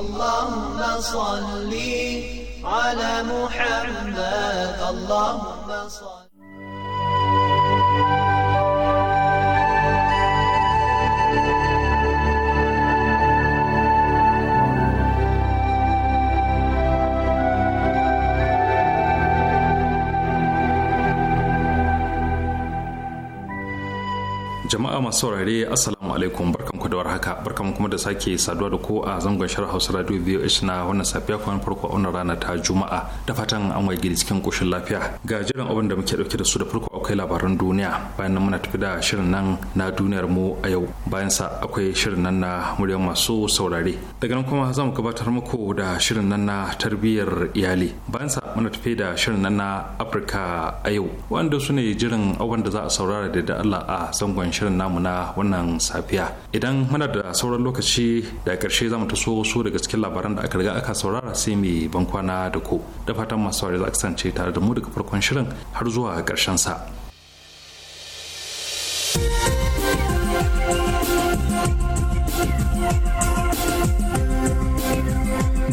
اللهم صل على محمد اللهم صل jama'a masu saurare assalamu alaikum barka da haka barkan kuma da sake saduwa da ko a zangon shirin Hausa Radio VOH na wannan safiya kuma farko a wannan rana ta Juma'a da fatan an waye gidi cikin koshin lafiya ga jiran abin da muke dauke da su da farko akwai labaran duniya bayan nan muna tafi da shirin nan na duniyar mu a yau bayan sa akwai shirin nan na muryar masu saurare daga nan kuma za mu gabatar muku da shirin nan na tarbiyyar iyali bayan sa muna tafi da shirin na na afirka a yau wanda su ne jirin abin da za a saurara da da allah a zangon shirin namu na wannan safiya idan muna da sauran lokaci da karshe za mu taso su daga cikin labaran da aka riga aka saurara sai mai ban kwana da ku da fatan masu saurari za a kasance tare da mu daga farkon shirin har zuwa ƙarshen sa.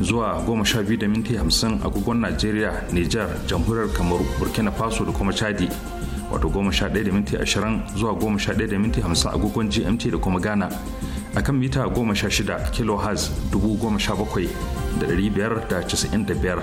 zuwa goma sha biyu da minti 50 agogon najeriya nijar jamhuriyar kamaru burkina faso da kuma chadi wato 11 da minti 20 zuwa 11 da minti 50 agogon gmt da kuma ghana a kan mita 16 kilohertz biyar.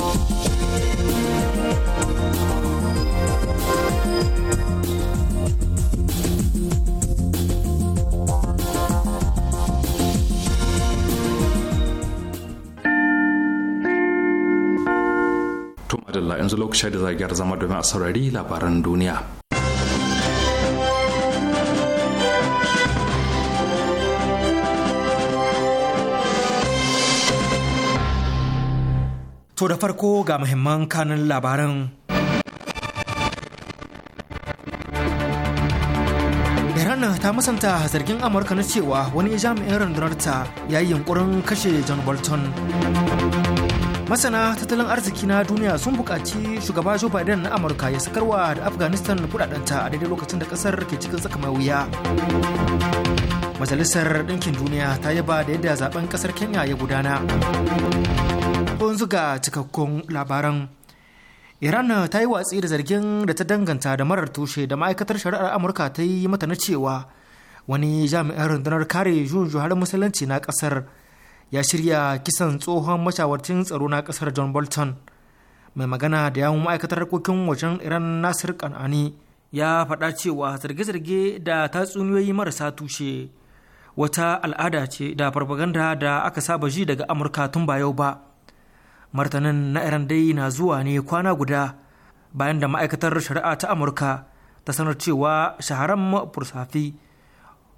Adalla yanzu lokacin da zagiyar zama domin a saurari labaran duniya. To da farko ga muhimman kanin labaran. Iran ta musanta zargin Amurka na cewa wani jami'in rundunarta ya yi yunkurin kashe John Bolton. masana tattalin arziki na duniya sun buƙaci shugaba joe biden na amurka ya sakarwa da afghanistan kudadenta a daidai lokacin da ƙasar ke cikin tsaka mai wuya majalisar ɗinkin duniya ta yaba da yadda zaben ƙasar kenya ya gudana yanzu zuga cikakkun labaran iran ta yi watsi da zargin da ta danganta da marar tushe da ma'aikatar shari'ar amurka ta yi mata na cewa wani jami'an rundunar kare juyin musulunci na ƙasar ya shirya kisan tsohon mashawarcin tsaro na kasar john bolton mai magana da yawun ma'aikatar harkokin wajen iran nasir kan'ani ya faɗa cewa zarge-zarge da tatsuniyoyi marasa tushe wata al'ada ce da farfaganda da aka saba ji daga amurka tun ba yau ba martanin na iran dai na zuwa ne kwana guda bayan da ma'aikatar shari'a ta amurka ta sanar cewa shaharan fursafi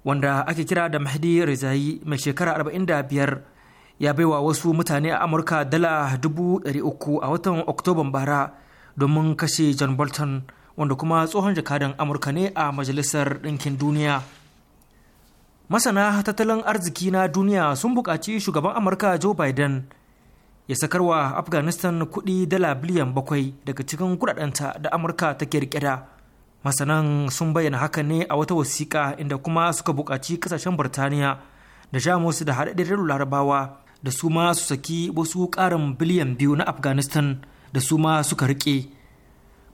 wanda ake kira da mahdi rizayi mai shekara 45 ya baiwa wasu mutane a amurka dala dubu uku a watan oktoban bara domin kashe john bolton wanda kuma tsohon jakadan amurka ne a majalisar ɗinkin duniya masana tattalin arziki na duniya sun buƙaci shugaban amurka joe biden ya sakarwa afghanistan kuɗi dala biliyan bakwai daga cikin kudadanta da amurka ta kirkira masanan sun bayyana haka ne a wata wasiƙa inda kuma suka buƙaci ƙasashen burtaniya da jamus da haɗaɗɗen larabawa da su ma su saki wasu ƙarin biliyan biyu na afghanistan da su ma suka riƙe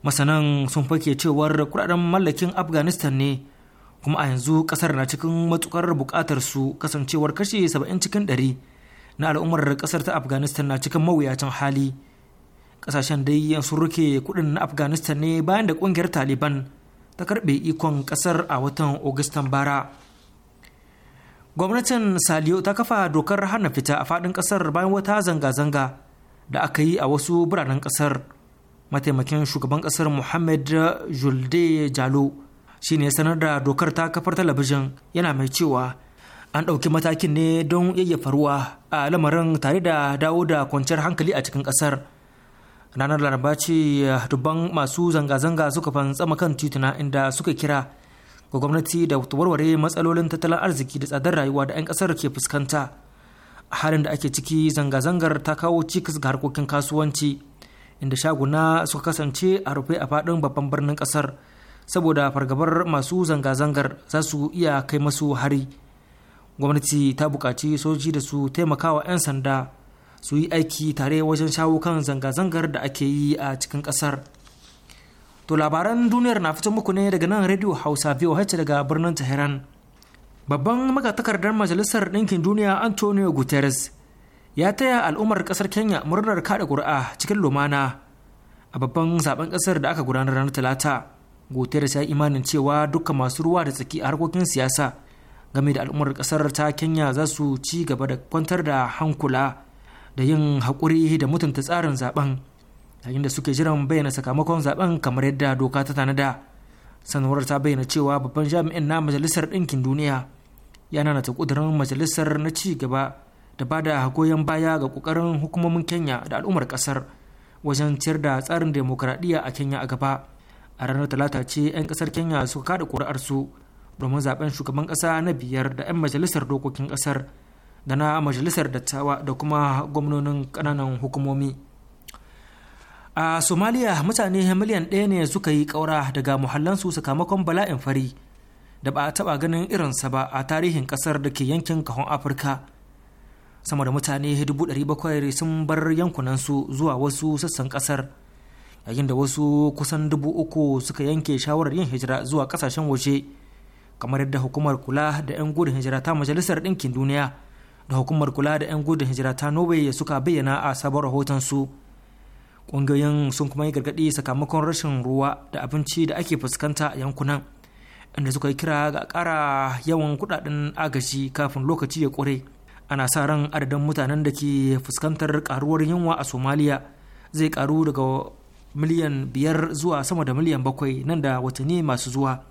masanan sun fake cewar kudaden mallakin afghanistan ne kuma a yanzu ƙasar na cikin matukar bukatar su kasancewar kashe 70 cikin 100 na al'ummar ƙasar ta afghanistan na cikin mawuyacin hali ƙasashen dai yanzu rike kudin na afghanistan ne bayan da ƙungiyar taliban ta karbe ikon ƙasar a watan augustan bara gwamnatin saliyo ta kafa dokar hana fita a fadin kasar bayan wata zanga-zanga da aka yi a wasu biranen kasar mataimakin shugaban kasar muhammad julde jalo shi ne sanar da dokar ta kafar talabijin yana mai cewa an ɗauki matakin ne don yayyafa a lamarin tare da dawo da kwanciyar hankali a cikin kasar ranar laraba ce dubban masu zanga-zanga suka fantsama kan tituna inda suka kira ga gwamnati da warware matsalolin tattalin arziki da tsadar rayuwa da 'yan kasar ke fuskanta a halin da ake ciki zanga-zangar ta kawo cikas ga harkokin kasuwanci inda shaguna suka kasance a rufe a faɗin babban birnin ƙasar saboda fargabar masu zanga-zangar za su iya kai masu hari gwamnati ta bukaci soji da su taimakawa 'yan sanda su yi aiki tare wajen shawo kan zanga-zangar da ake yi a cikin ƙasar. To labaran duniyar na fito muku ne daga nan Radio Hausa VOH daga birnin Tehran. Babban magatakardar Majalisar Ɗinkin Duniya Antonio Guterres ya taya al'ummar ƙasar Kenya murnar kaɗa ƙuri'a cikin lumana a babban zaben ƙasar da aka gudanar ranar Talata. Guterres ya yi imanin cewa duka masu ruwa da tsaki a harkokin siyasa game da al'ummar ƙasar ta Kenya za su ci gaba da kwantar da hankula da yin haƙuri da mutunta tsarin zaben yayin da suke jiran bayyana sakamakon zaben kamar yadda doka ta tanada sanarwar ta bayyana cewa babban jami'in na majalisar ɗinkin duniya ya ta ƙudurin majalisar na ci gaba da ba da goyon baya ga ƙoƙarin hukumomin kenya da al'ummar ƙasar wajen ciyar da tsarin demokuraɗiyya a kenya a gaba a ranar talata ce 'yan ƙasar kenya suka kada ƙuri'arsu domin zaben shugaban ƙasa na biyar da 'yan majalisar dokokin ƙasar da na majalisar dattawa da kuma gwamnonin ƙananan hukumomi a somaliya mutane miliyan ɗaya ne suka yi ƙaura daga muhallansu sakamakon bala'in fari da ba a taɓa ganin irinsa ba a tarihin ƙasar da ke yankin kahon afirka sama da mutane 700,000 sun bar yankunansu zuwa wasu sassan ƙasar yayin da wasu kusan dubu uku suka yanke shawarar yin hijira zuwa ƙasashen waje kamar yadda hukumar kula da 'yan gudun hijira ta majalisar ɗinkin duniya da hukumar kula da 'yan gudun hijira ta norway suka bayyana a sabon rahoton su kungiyoyin sun kuma yi gargaɗi sakamakon rashin ruwa da abinci da ake fuskanta a yankunan inda suka yi kira ga ƙara yawan kuɗaɗen agaji kafin lokaci ya kure ana sa ran adadin mutanen da ke fuskantar karuwar yunwa a somaliya zai karu daga miliyan biyar zuwa sama da miliyan bakwai nan da watanni masu zuwa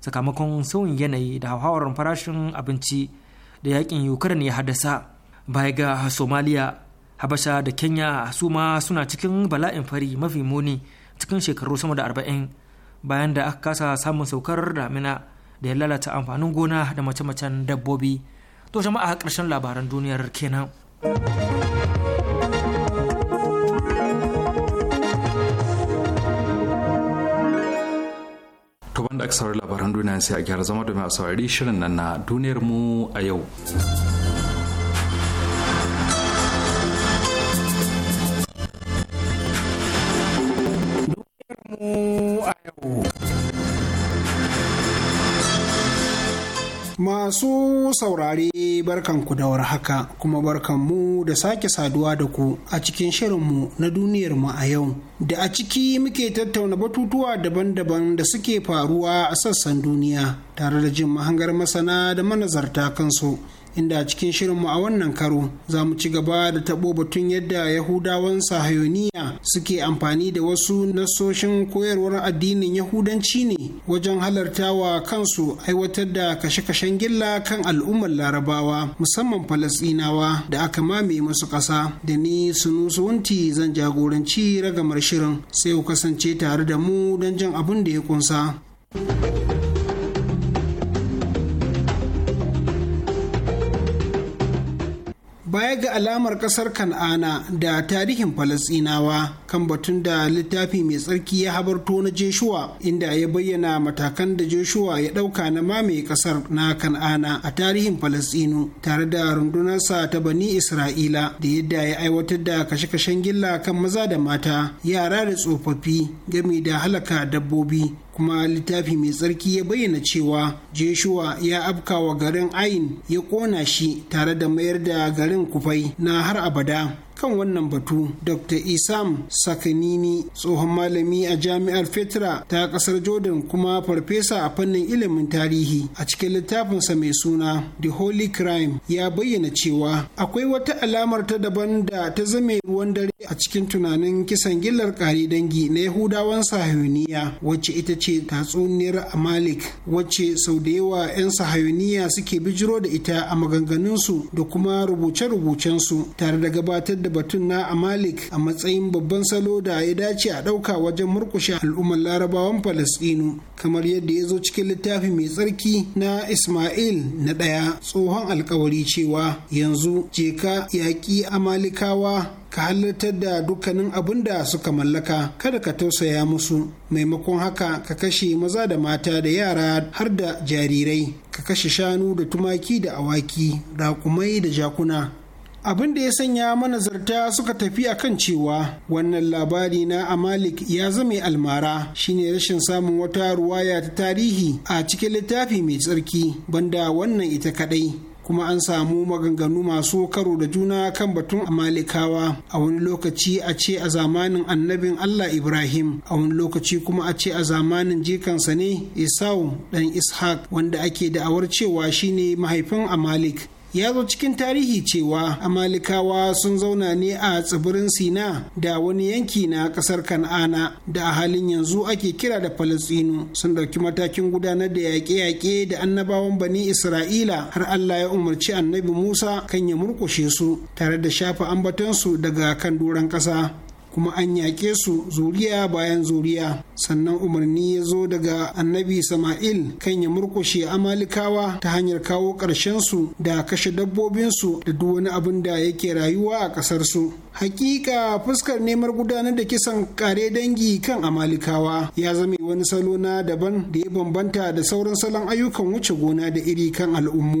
sakamakon sauyin yanayi da hauhawar farashin abinci da yakin ukraine ya haddasa baya ga somaliya habasha da kenya su ma suna cikin bala'in fari mafi muni cikin shekaru sama da arba'in bayan da aka kasa samun saukar damina da ya lalata amfanin gona da mace-macen dabbobi to jama'a ƙarshen labaran duniyar kenan to banda aka saurari labaran duniya sai a gyara zama domin a saurari shirin nan na duniyar mu a yau Masu saurare barkanku da haka kuma barkanmu da sake saduwa da ku a cikin shirinmu na duniyarmu a yau. Da a ciki muke tattauna batutuwa daban-daban da suke faruwa a sassan duniya tare da jin mahangar masana da manazarta kansu inda a cikin shirinmu a wannan karo za mu ci gaba da taɓo batun yadda yahudawan sahayoniya suke amfani da wasu nasoshin koyarwar addinin yahudanci ne wajen halartawa kansu aiwatar da kashe-kashen gilla kan al'ummar larabawa musamman falasɗinawa da aka mame masu ƙasa da ni wunti zan jagoranci ragamar shirin sai ku kasance tare da mu don jin abin da ya kunsa. baya ga alamar kasar kan'ana da tarihin falasinawa kan batun da littafi mai tsarki ya habarto na jeshuwa inda ya bayyana matakan da jeshuwa ya dauka na mamaye kasar na kan'ana a tarihin falasinu tare da rundunarsa ta bani isra'ila da yadda ya aiwatar da kashe-kashen gilla kan maza da mata yara da tsofaffi game da halaka dabbobi kuma littafi mai tsarki ya bayyana cewa Jeshua ya afkawa garin Ayin ya ƙona shi tare da mayar da garin kufai na har abada kan wannan batu dr isam sakanini tsohon malami a jami'ar fetra ta kasar jordan kuma farfesa a fannin ilimin tarihi a cikin littafinsa mai suna the holy crime ya bayyana cewa akwai wata alamar ta daban da ta zame ruwan dare a cikin tunanin kisan gillar kare dangi na yahudawan sahayuniya wacce ita ce tatsuniyar amalik wacce sau da yawa 'yan sahayuniya suke bijiro da ita a maganganunsu da kuma rubuce-rubucensu tare da gabatar da batun na Amalik a matsayin babban salo da ya dace a ɗauka wajen murkushe al'ummar larabawan Falastinu kamar yadda ya zo cikin littafi mai tsarki na Ismail na ɗaya tsohon alkawari cewa yanzu jeka ka yaƙi Amalikawa ka halartar da dukkanin abin da suka mallaka kada ka tausaya musu maimakon haka ka kashe maza da mata da yara har da jarirai ka kashe shanu da tumaki da awaki raƙumai da jakuna abin da ya sanya manazarta suka tafi a kan cewa wannan labari na amalik ya zame almara shine rashin samun wata ruwaya ta tarihi a cikin littafi mai tsarki banda wannan ita kadai kuma an samu maganganu masu karo da juna kan batun amalikawa a wani lokaci a ce a zamanin annabin Allah Ibrahim a wani lokaci kuma a ce a zamanin jikansa ne Isau dan Ishaq wanda ake da'awar cewa shine mahaifin Amalik ya zo cikin tarihi cewa amalikawa sun zauna ne a tsibirin sina da wani yanki na ƙasar kan'ana da a halin yanzu ake kira da falastinu sun ɗauki matakin gudanar da yaƙe-yaƙe da annabawan bani isra'ila har allah ya umarci annabi musa kan ya murƙushe su tare da shafa ambatonsu daga kan doron ƙasa kuma an yaƙe su zuriya bayan zuriya sannan umarni ya zo daga annabi sama'il kan ya murkushe amalikawa ta hanyar kawo ƙarshensu da kashe dabbobinsu da duk wani abin da yake rayuwa a su. hakika fuskar neman gudanar da kisan kare dangi kan amalikawa ya zame wani salo na daban da ya bambanta da sauran salon ayyukan wuce gona da iri kan al'ummu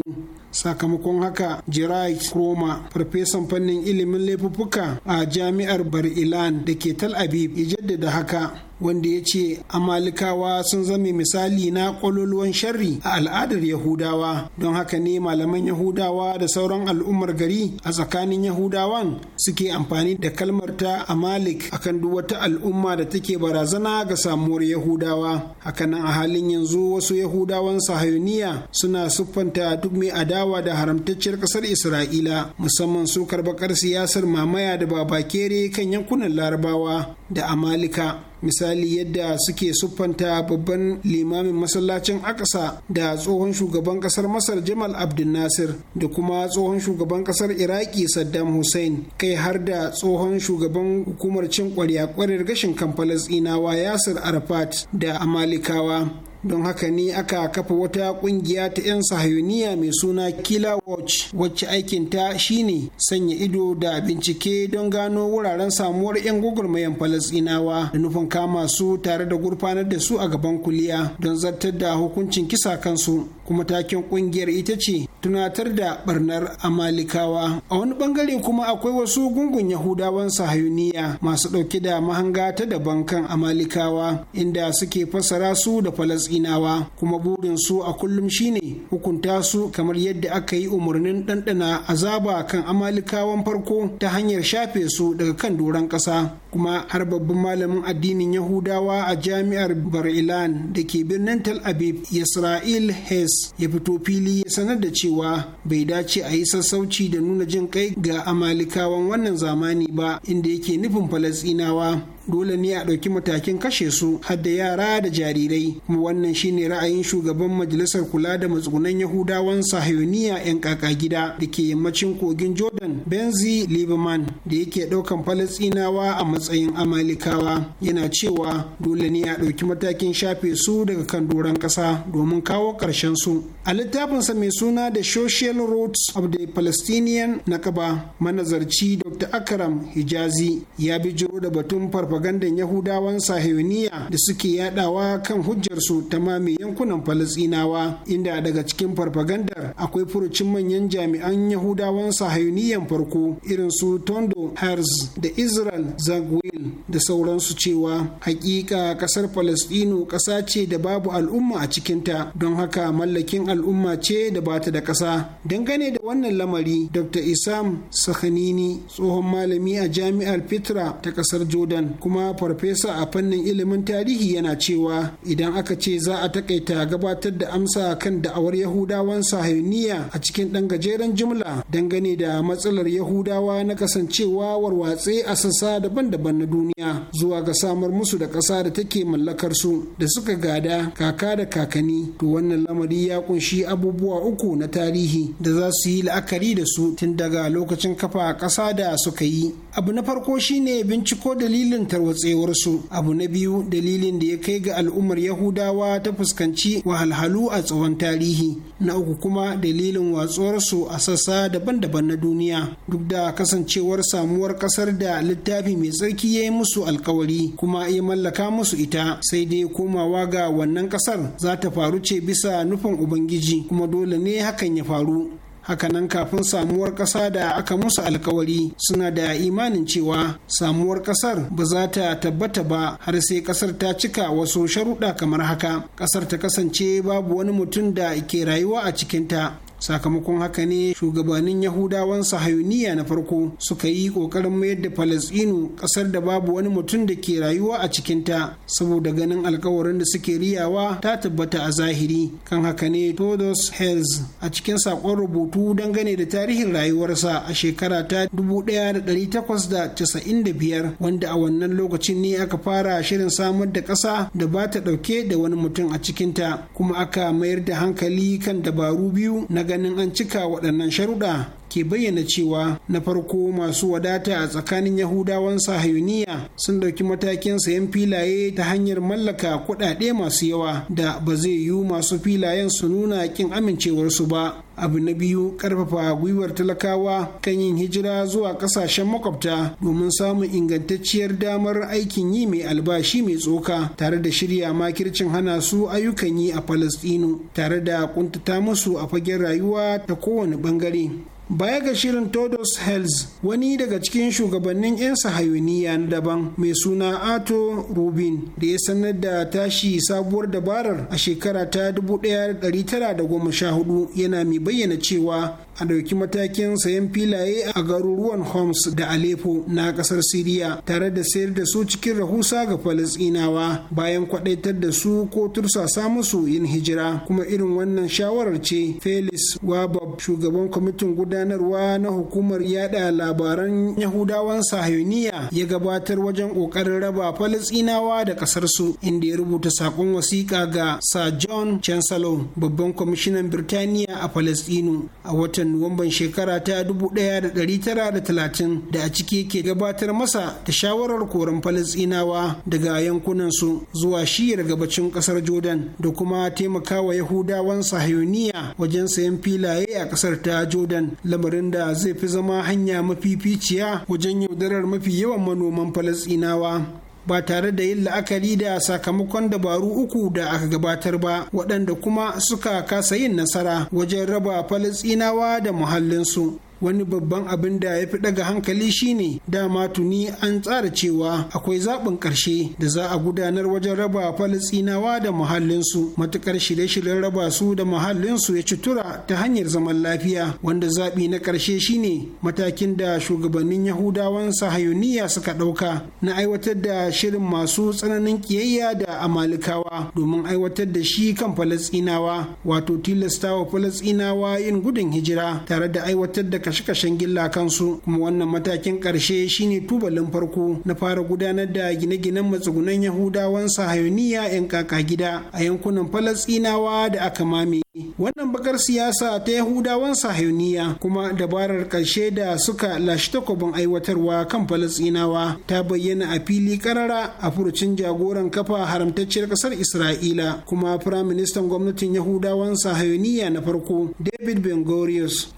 sakamakon haka jirai kroma farfesan fannin ilimin laifuffuka a jami'ar bar ilan da ke tal abib ya jaddada haka wanda ya ce amalikawa sun zama misali na ƙwaloluwan sharri a al'adar yahudawa don haka ne malaman yahudawa da sauran al'ummar gari a tsakanin yahudawan suke amfani da kalmar ta amalik akan duk wata al'umma da take barazana ga samuwar yahudawa hakanan a halin yanzu wasu yahudawan sahayuniya suna siffanta duk mai adawa da haramtacciyar ƙasar isra'ila musamman su karɓar siyasar mamaya da babakere kan yankunan larabawa da amalika misali yadda suke siffanta babban limamin masallacin akasa da tsohon shugaban kasar masar jamal abdul nasir da kuma tsohon shugaban kasar iraki saddam hussein kai har da tsohon shugaban hukumar cin kwarya kwarar gashin kan falasɗinawa yasir arafat da amalikawa don haka ne aka kafa wata kungiya ta 'yan sahayuniya mai suna kila watch wacce aikinta shine sanya ido da bincike don gano wuraren samuwar 'yan gwagwarmayan falasinawa da nufin kama su tare da gurfanar da su a gaban kuliya don zartar da hukuncin kisa kansu kuma takin kungiyar ita ce tunatar da barnar amalikawa a wani bangare kuma akwai wasu gungun yahudawan sahayuniya masu ɗauke da mahanga ta daban kan amalikawa inda suke fasara su da falasɗinawa kuma burin su a kullum shine hukunta su kamar yadda aka yi umarnin ɗanɗana azaba kan amalikawan farko ta hanyar shafe su daga kan doron ƙasa kuma har babban malamin addinin yahudawa a jami'ar bar'ilan da ke birnin tel aviv isra'il hes ya fito fili ya sanar da cewa cewa bai dace a yi sassauci da nuna jin kai ga amalikawan wannan zamani ba inda yake nufin falasinawa dole ne a ɗauki matakin kashe su hadda yara da jarirai kuma wannan shine ra'ayin shugaban majalisar kula da matsugunan yahudawan sahiyoniya 'yan kaka gida da ke yammacin kogin jordan benzi liberman da yake ɗaukan falastinawa a matsayin amalikawa yana cewa dole ne a ɗauki matakin shafe su daga kan doron ƙasa domin kawo ƙarshen su a littafinsa mai suna da social roots of the palestinian nakaba manazarci dr akram hijazi ya bijiro da batun farfa farfagandan yahudawan sahiyoniya da suke yadawa kan hujjarsu ta mame yankunan falasinawa inda daga cikin farfagandar akwai furucin manyan jami'an yahudawan sahiyoniyan farko irin su tondo herz da israel zagwil da sauransu cewa hakika kasar falasdino kasa ce da babu al'umma a cikinta don haka mallakin al'umma ce da bata da kasa dangane da wannan lamari dr isam sahanini tsohon malami a jami'ar fitra ta kasar jordan kuma farfesa a fannin ilimin tarihi yana cewa idan aka ce za a takaita gabatar da amsa kan da'awar yahudawan sahiniya a cikin ɗan gajeren jumla dangane da matsalar yahudawa na kasancewa warwatse a sassa daban-daban na duniya zuwa ga samar musu da ƙasa da take mallakar su da suka gada kaka da kakanni to wannan lamari ya kunshi abubuwa uku na tarihi da za su yi la'akari da su tun daga lokacin kafa ƙasa da suka yi abu na farko shine binciko dalilin tarwatsewarsu abu na biyu dalilin da ya kai ga al'ummar yahudawa ta fuskanci wahalhalu a tsawon tarihi na uku kuma dalilin watsuwarsu a sassa daban-daban na duniya duk da kasancewar samuwar kasar da littafi mai tsarki ya yi musu alkawari kuma ya mallaka musu ita sai dai komawa ga wannan kasar za ta faru ce bisa nufin ubangiji kuma dole ne hakan ya faru hakanan kafin samuwar ƙasa da aka musu alkawari suna da imanin cewa samuwar ƙasar ba za ta tabbata ba har sai ƙasar ta cika wasu sharuɗa kamar haka ƙasar ta kasance babu wani mutum da ke rayuwa a cikinta sakamakon haka ne shugabannin yahudawan sahayuniya na farko suka yi kokarin mayar da falasɗinu kasar da babu wani mutum da ke rayuwa a cikinta saboda ganin alkawarin da suke riyawa ta tabbata a zahiri kan haka ne todos hells a cikin sakon rubutu dangane da tarihin rayuwarsa a shekara ta 1895 wanda a wannan lokacin ne aka fara shirin samar da ƙasa da ba ta ɗauke da wani mutum a cikinta kuma aka mayar da hankali kan dabaru biyu na ganin an cika waɗannan sharuɗa ke bayyana cewa na farko masu wadata a tsakanin yahudawan sahayuniya sun ɗauki matakin sayan filaye ta hanyar mallaka kuɗaɗe masu yawa da ba zai yiwu masu filayen su nuna ƙin amincewarsu ba abu na biyu karfafa gwiwar talakawa kan yin hijira zuwa kasashen makwabta domin samun ingantacciyar damar aikin yi mai albashi mai tsoka tare da shirya makircin hana su ayyukan yi a palestinu tare da kuntata musu a fagen rayuwa ta kowane bangare baya ga shirin todos hells wani daga cikin shugabannin 'yan sahayuniya na daban mai suna ato rubin da ya sanar da tashi sabuwar dabarar a shekara ta 1914 yana mai bayyana cewa a ɗauki matakin sayan filaye a garuruwan homs da aleppo na ƙasar siriya tare da sayar da su cikin rahusa ga falasɗinawa bayan kwaɗaitar da su ko tursasa musu yin hijira kuma irin wannan shawarar ce felix wabab shugaban kwamitin gudanar gudanarwa na hukumar yada labaran yahudawan sahiyoniya ya gabatar wajen kokarin raba falastinawa da kasarsu inda ya rubuta sakon wasiƙa ga sir john chancellor babban kwamishinan birtaniya a falastinu a watan nuwamban shekara ta 1930 da a ciki ke gabatar masa da shawarar koren falastinawa daga yankunansu zuwa shiyar gabacin kasar jordan da kuma taimakawa yahudawan sahiyoniya wajen sayan filaye a kasar ta jordan lamarin da zai fi zama hanya mafi ficiya wajen yaudarar mafi yawan manoman falasinawa ba tare da yin la'akari da sakamakon dabaru uku da aka gabatar ba waɗanda kuma suka kasa yin nasara wajen raba falasinawa da muhallinsu wani babban abin da ya fi daga hankali shine dama tuni an tsara cewa akwai zaɓin ƙarshe da za a gudanar wajen raba falisinawa da muhallinsu matukar shirye-shiryen raba su da muhallinsu ya citura ta hanyar zaman lafiya wanda zaɓi na ƙarshe shine matakin da shugabannin yahudawan sahayuniya suka ɗauka na aiwatar da shirin masu tsananin ƙiyayya da amalikawa domin aiwatar da shi kan falastinawa wato tilastawa falastinawa yin gudun hijira tare da aiwatar da kashe-kashen gilla kansu kuma wannan matakin ƙarshe shine tubalin farko na fara gudanar da gine-ginen matsugunan yahudawan sahayoniya 'yan kaka gida a yankunan falasinawa da aka mame wannan bakar siyasa ta yahudawan sahayoniya kuma dabarar ƙarshe da suka lashe takobin aiwatarwa kan falasinawa ta bayyana a fili karara a furucin jagoran kafa haramtacciyar kasar isra'ila kuma firaministan gwamnatin yahudawan sahayoniya na farko david ben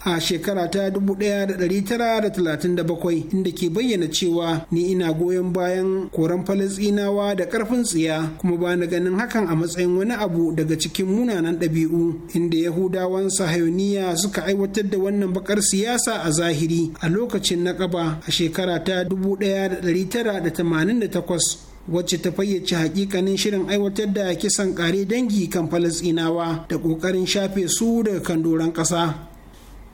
a shekara ta 1937 inda ke bayyana cewa ni ina goyon bayan koran falasinawa da karfin tsiya kuma ba na ganin hakan a matsayin wani abu daga cikin munanan ɗabi'u inda yahudawan sahayoniya suka aiwatar da wannan bakar siyasa a zahiri a lokacin na kaba a shekara ta 1988 wacce ta fayyace hakikanin shirin aiwatar da kisan kare dangi kan falasinawa da ƙoƙarin shafe su daga kan doron ƙasa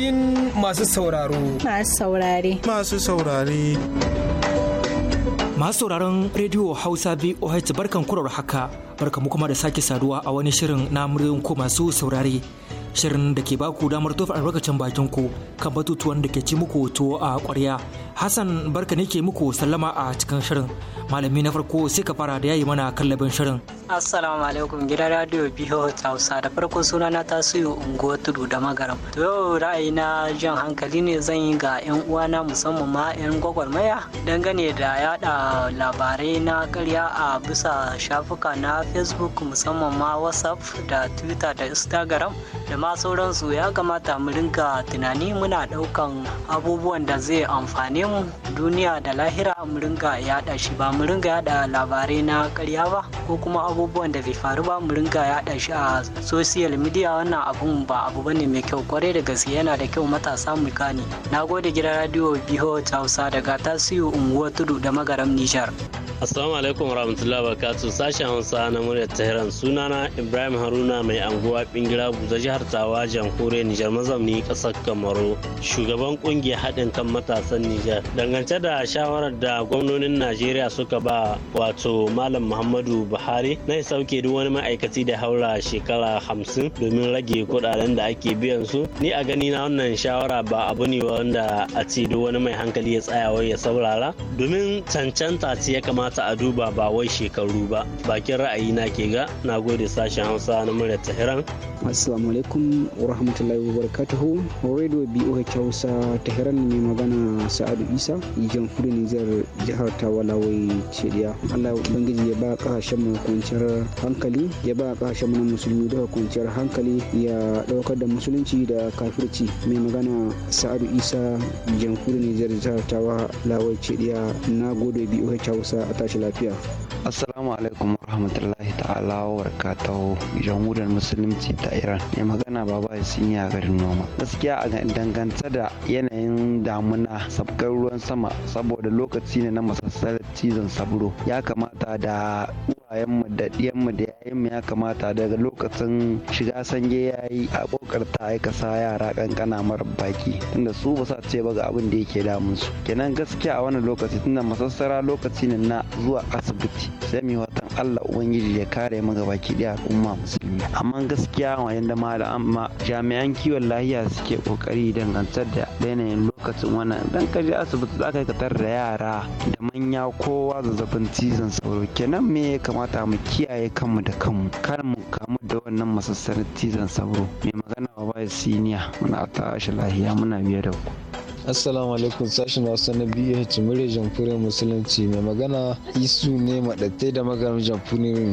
Ra'ayoyin masu sauraro. Masu saurare. Masu saurare. Masu sauraron rediyo Hausa VOH barkan kurar haka barkamu kuma da sake saduwa a wani shirin na muryoyin ko masu saurare. Shirin da ke baku damar tofa albarkacin bakin ku kan batutuwan da ke ci muku tuwo a ƙwarya Hassan barka ne ke muku sallama a cikin shirin. Malami na farko sai ka fara da yayi mana kallabin shirin. Assalamu alaikum gidan radio biyu Hausa da farko sunana na tasiyo unguwa tudu da magaram. To yau ra'ayina jan hankali ne zan yi ga 'yan uwana musamman ma 'yan gwagwarmaya dangane da yada labarai na karya a bisa shafuka na Facebook musamman ma WhatsApp da Twitter da Instagram da ma sauransu ya kamata mu rinka tunani muna daukan abubuwan da zai amfane duniya da lahira mu ringa yaɗa shi ba mu ringa yaɗa labarai na karya ba ko kuma abubuwan da bai faru ba mu ringa yaɗa shi a social media wannan abun ba abu bane mai kyau kwarai da gaske yana da kyau matasa mu gane na gode gidan radio biho hausa daga tasiu unguwa tudu da magaram nijar assalamu alaikum warahmatullahi wabarakatuh sashen hausa na muryar tehran sunana ibrahim haruna mai anguwa bingira buza jihar tawa jamhuriyar nijar mazamni kasar kamaru shugaban kungiyar haɗin kan matasan nijar Dangance da shawarar da gwamnonin Najeriya suka ba wato Malam Muhammadu Buhari na sauke duk wani ma'aikaci da haura shekara hamsin domin rage kudaden da ake biyan su. Ni a gani na wannan shawara ba abu ne wanda a ce duk wani mai hankali ya tsaya wai ya saurara domin cancanta ce ya kamata a duba ba wai shekaru ba. Bakin ra'ayi na ke ga na gode sashen Hausa na murya tahiran Assalamu alaikum wa rahmatullahi wa barakatuhu. Radio BOH Hausa tahiran ne magana Sa'ad Sa'adu Isa jamhuriyar Nijar jihar Tawalawai Cediya. Allah Ubangiji ya ba kasashen mu kwanciyar hankali ya ba kasashen mu musulmi da kwanciyar hankali ya daukar da musulunci da kafirci mai magana Sa'adu Isa jamhuriyar Nijar jihar Tawalawai Cediya na gode biyu Hausa a tashi lafiya. Assalamu alaikum warahmatullahi ta'ala wa barakatuhu jamhuriyar musulunci ta Iran mai magana baba ya sinya garin noma gaskiya a dangance da yanayin damuna sabgar ruwan sama saboda lokaci ne na masassarar cizon sabro ya kamata da mu da mu da mu ya kamata daga lokacin shiga sanje ya yi a ƙoƙarta aika sa yara ƙanƙana mara baki tunda su ba sa ce ba ga abin da yake damun su kenan gaskiya a wannan lokaci tunda masassara lokaci ne na zuwa asibiti sai mu watan Allah ubangiji ya kare mu ga baki ɗaya al'umma musulmi amma gaskiya wayan da amma jami'an kiwon lafiya suke ƙoƙari dangantar da yanayin lokacin wannan dan ka je asibiti za ka da yara da manya kowa zazzabin cizon sauro kenan me ya kamata kamata mu kiyaye kanmu da kanmu kar mu kamu da wannan masassarar cizon sauro mai magana wa bai siniya muna ta lahiya muna biye da ku assalamu alaikum sashen hausa na biyu murya jamhuriyar musulunci mai magana isu ne maɗatte da magaram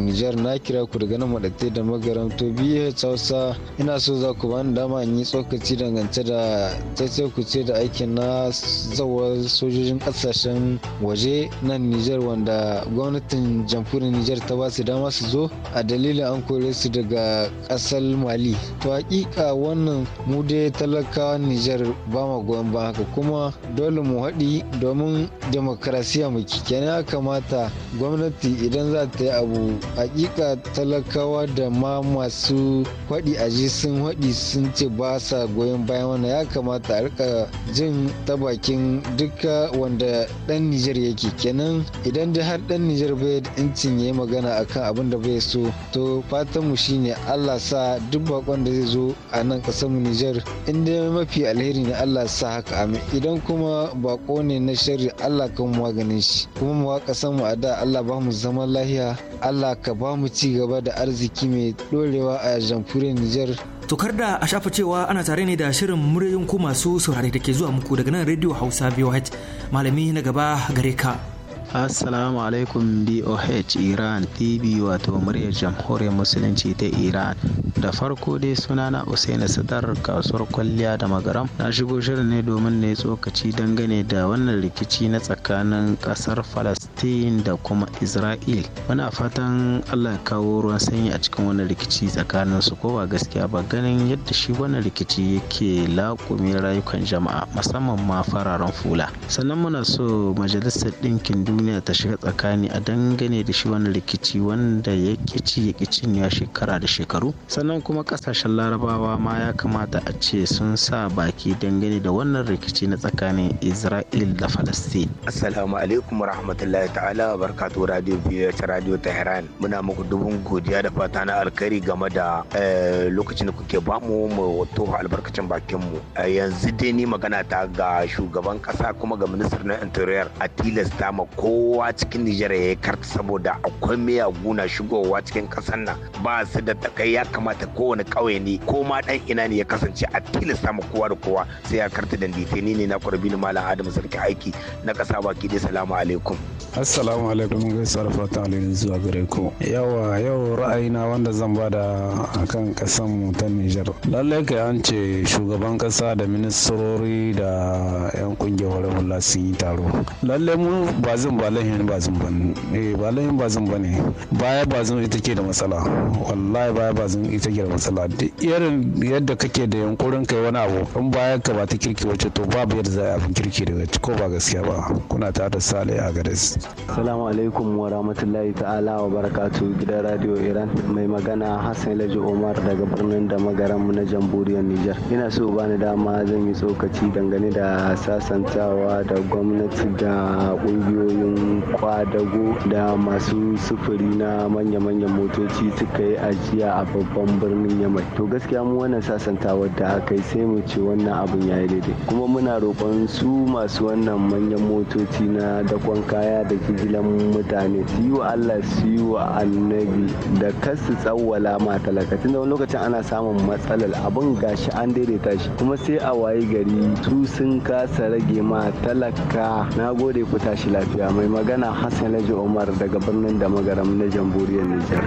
nijar na kira ku daga nan maɗatte da magaram to biyu hausa ina so za ku bani dama in yi tsokaci dangance da ce da aikin na zawar sojojin ƙasashen waje nan nijar wanda gwamnatin jamhuriyar nijar ta ba su dama su zo a dalilin an kore su daga ƙasar mali to hakika wannan mu dai talakawa nijar ba ma goyon ba haka kuma dole mu haɗi domin demokrasiya mu kenan ya kamata gwamnati idan za ta yi abu hakika talakawa da ma masu haɗi a ji sun haɗi sun ce ba sa goyon bayan wannan ya kamata a rika jin ta bakin duka wanda ɗan Nijar yake kenan idan dai har ɗan Nijar bai incin ya magana akan abin da bai so to fatan mu shine Allah sa duk bakon da zai zo a nan ƙasar mu Nijar inda mafi alheri ne Allah sa haka amin idan kuma bako ne na sharri allah kan maganin shi kuma mu kasan mu a da allah ba mu zaman lahiya allah ka ba mu ci gaba da arziki mai dorewa a jamhuriyar to tokar da a shafa cewa ana tare ne da shirin muryoyin ku masu saurare da ke zuwa muku daga nan radio hausa voh malami na gaba gare ka Assalamu alaikum DOH Iran TV wato muryar jamhuriyar musulunci ta Iran. Da farko dai sunana Usaini Sadar kasuwar kwalliya da magaram. Na shigo shirin ne domin na yi tsokaci dangane da wannan rikici na tsakanin kasar Falastin da kuma Isra'il. Muna fatan Allah ya kawo ruwan sanyi a cikin wannan rikici tsakanin su ko ba gaskiya ba ganin yadda shi wannan rikici yake laƙumi rayukan jama'a musamman ma fararen fula. Sannan muna so majalisar ɗinkin duniya duniya ta shiga tsakani a dangane da shi wani rikici wanda ya kici ya kicin ya shekara da shekaru sannan kuma kasashen larabawa ma ya kamata a ce sun sa baki dangane da wannan rikici na tsakanin isra'il da falastin assalamu alaikum rahmatullahi ta'ala barkatu radio biyu radio tehran muna muku dubun godiya da fata na alkari game da eh, lokacin da kuke bamu mu wato albarkacin bakin mu yanzu dai ni magana ta ga shugaban kasa kuma ga ministan na interior a tilasta mako. kowa cikin Nijar ya karta saboda akwai miyaguna shigowa cikin kasar nan ba su da takai ya kamata kowane ƙauye ne ko ma ɗan ina ne ya kasance a tilasta ma kowa da kowa sai ya karta ndite ni ne na kwarbi ni malam Adamu sarki aiki na ƙasa baki dai salamu alaikum. Assalamu alaikum gaisuwar fata alaikum zuwa gare ku. Yawa yau ra'ayina wanda zan bada akan ƙasar mu ta Nijar. Lallai ka an ce shugaban ƙasa da ministrori da 'yan kungiyar hula sun yi taro. Lallai mu ba zan wannan ba zan bazin ba ne eh, ba lahin bazin ba ne baya bazin ita ke da matsala wallahi baya bazin ita ke da matsala duk irin yadda kake da yankurin kai wani abu in baya ka ba ta kirki wacce to babu yadda za a abin kirki daga ko ba gaskiya ba kuna tare da sale a garis. assalamu alaikum wa rahmatullahi ta'ala wa barakatu gidan radio iran mai magana hassan laji umar daga birnin da magaran mu na jamhuriyar niger ina so bani dama zan yi tsokaci dangane da sasantawa da gwamnati da ƙungiyoyin garin kwadago da masu sufuri na manya-manyan motoci suka yi ajiya a babban birnin yamai to gaskiya mu wannan sasantawar da aka yi sai mu ce wannan abun ya yi daidai kuma muna roƙon su masu wannan manyan motoci na dakon kaya da jigilan mutane su yi wa allah su yi wa annabi da kasu tsawwala ma tun da wani lokacin ana samun matsalar abin gashi an daidaita shi kuma sai a wayi gari su sun kasa rage ma talaka na gode ku tashi lafiya mai magana hassan laji umar daga birnin da magaram na jamhuriyar nijar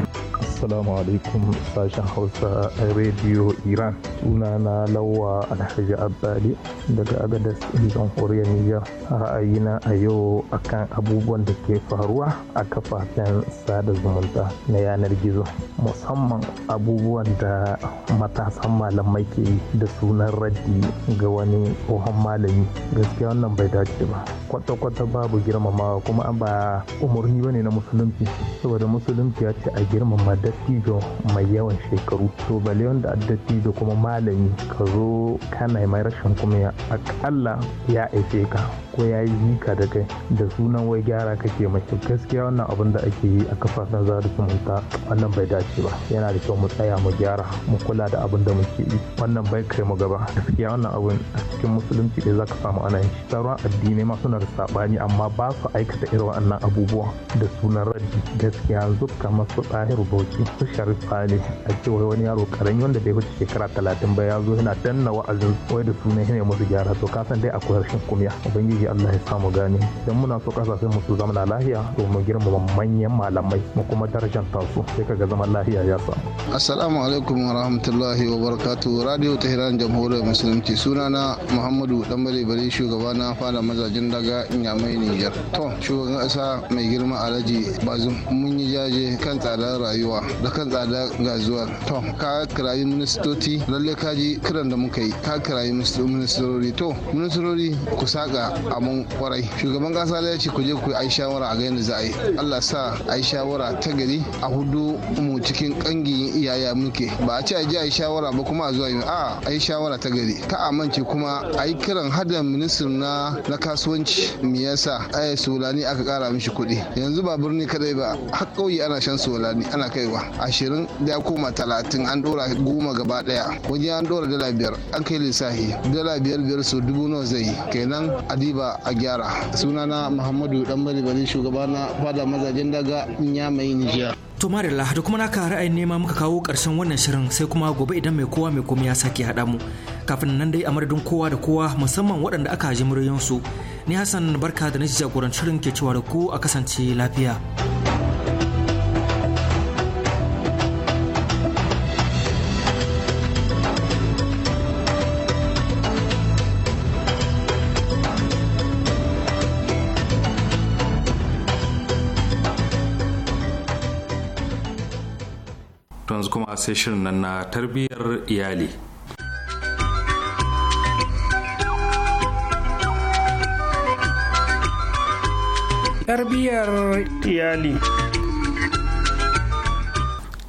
assalamu alaikum sashen hausa radio iran sunana na lawa alhaji abbali daga agadas jamhuriyar niger ra'ayina a yau akan abubuwan da ke faruwa a kafafen sada zumunta na yanar gizo musamman abubuwan da matasan malamai ke yi da sunan raddi ga wani tsohon malami gaskiya wannan bai dace ba kwata-kwata babu girmamawa kuma ba umarni ba ne na musulunci saboda musulunci ya ce a girmama da. dattijo mai yawan shekaru to bale wanda dattijo kuma malami ka zo kana mai rashin kuma akalla ya aife ka ko ya yi hika da kai da sunan wai gyara kake mace gaskiya wannan abin da ake yi a kafafen su zumunta wannan bai dace ba yana da kyau mu tsaya mu gyara mu kula da abin da muke yi wannan bai kai mu gaba gaskiya wannan abin a cikin musulunci ne zaka samu ana shi sauran addinai ma suna da sabani amma ba su aikata irin wannan abubuwa da sunan raddi gaskiya yanzu kamar su tsahiru bauchi su sharifa ne a cewa wani yaro karami wanda bai wuce shekara talatin ba ya zo yana danna wa'azin wai da sunan yana musu gyara to kasan dai akwai harshen kumya ubangiji tarihi Allah ya samu gane idan muna so kasashen mu su zama na lahiya to mu girmama manyan malamai mu kuma darajanta su sai kaga zaman lafiya ya samu assalamu alaikum wa rahmatullahi wa barakatuh radio tehran jamhuriyar musulunci sunana muhammadu dambare bare shugaba na fada mazajin daga inyamai niger to shugaban kasa mai girma alhaji bazum mun yi jaje kan tsadar rayuwa da kan tsadar gazuwar to ka kirayi ministoci lalle kaji kiran da muka yi ka kirayi ministoci to ministoci ku saka Amon kwarai shugaban kasa ya ce ku je ku yi shawara a ga za a yi allah sa a yi shawara ta gari a hudu mu cikin kangi iyaya muke ba a ce a je a yi shawara ba kuma a zuwa yi a a yi shawara ta gari ka amince kuma a yi kiran hada ministan na na kasuwanci me yasa yi solani aka kara mishi kuɗi yanzu ba birni kadai ba har kauye ana shan solani ana kaiwa ashirin da koma talatin an dora goma gaba daya wajen an dora dala biyar an kai lissafi dala biyar biyar su dubu nawa zai yi kenan adiba ba a gyara sunana muhammadu dan bari shugaba na fada mazajen daga mai nijiya to marilla da kuma naka ra'ayin nema muka kawo karshen wannan shirin sai kuma gobe idan mai kowa mai komai ya sake haɗa mu kafin nan dai a madadin kowa da kowa musamman waɗanda aka ji su ni hassan barka da na jagorancin shirin ke cewa da ku a kasance lafiya. sai shirin nan na tarbiyyar iyali tarbiyyar iyali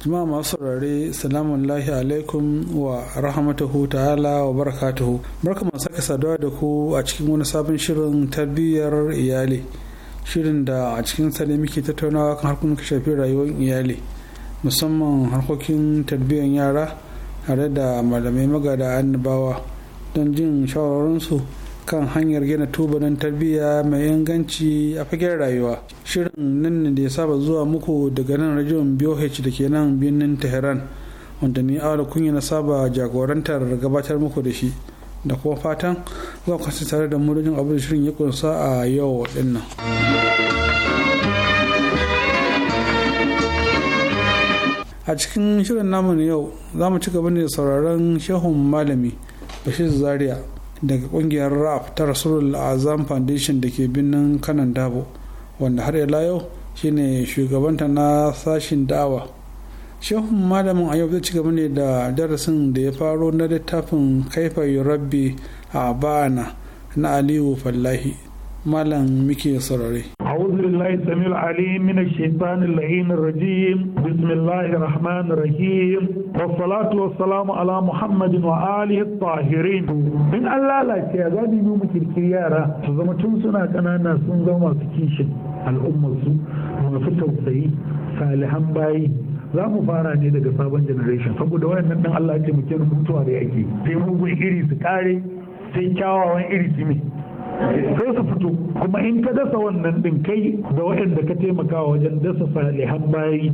jama'a masu saurare salamun lahi alaikum wa rahmatuhu ta'ala wa barakatuhu barka masu saka saduwa da ku a cikin wani sabon shirin tarbiyyar iyali shirin da a cikin sa ne muke tattaunawa kan harkokin shafi rayuwar iyali musamman harkokin tarbiyyar yara tare da malamai magada annabawa don jin shawararinsu kan hanyar gina tubanin tarbiyya mai inganci a fagen rayuwa shirin nan ne da ya saba zuwa muku daga nan rajin boh da ke nan birnin tehran wanda ni awala kunya na saba jagorantar gabatar muku da shi da kuma fatan za ku tare da murjin abin shirin ya kunsa a yau waɗannan. a cikin shirin namu yau za mu ci gaba ne sauraron shehun malami bashir zaria daga kungiyar rap ta rasulul azam foundation da ke birnin kanan dabo wanda har yala yau shine shugabanta na sashin da'awa shehun malamin a yau zai ci gaba ne da darasin da ya faro na littafin kaifa rabbi a ba'ana na aliyu fallahi malam muke saurare بالله السميع العليم من الشيطان اللعين الرجيم بسم الله الرحمن الرحيم والصلاة والسلام على محمد وآله الطاهرين من الله لا تيازاني يوم الكريارة فزما تنسونا كنانا سنزا masu kishin al'ummarsu masu tausayi salihan bayi za mu fara ne daga sabon generation saboda wayannan dan Allah ya ce mu mutuwa da yake sai mugun iri su kare sai kyawawan iri su sai su fito kuma in ka dasa wannan din kai da waɗanda ka taimakawa wajen dasa salihan bayi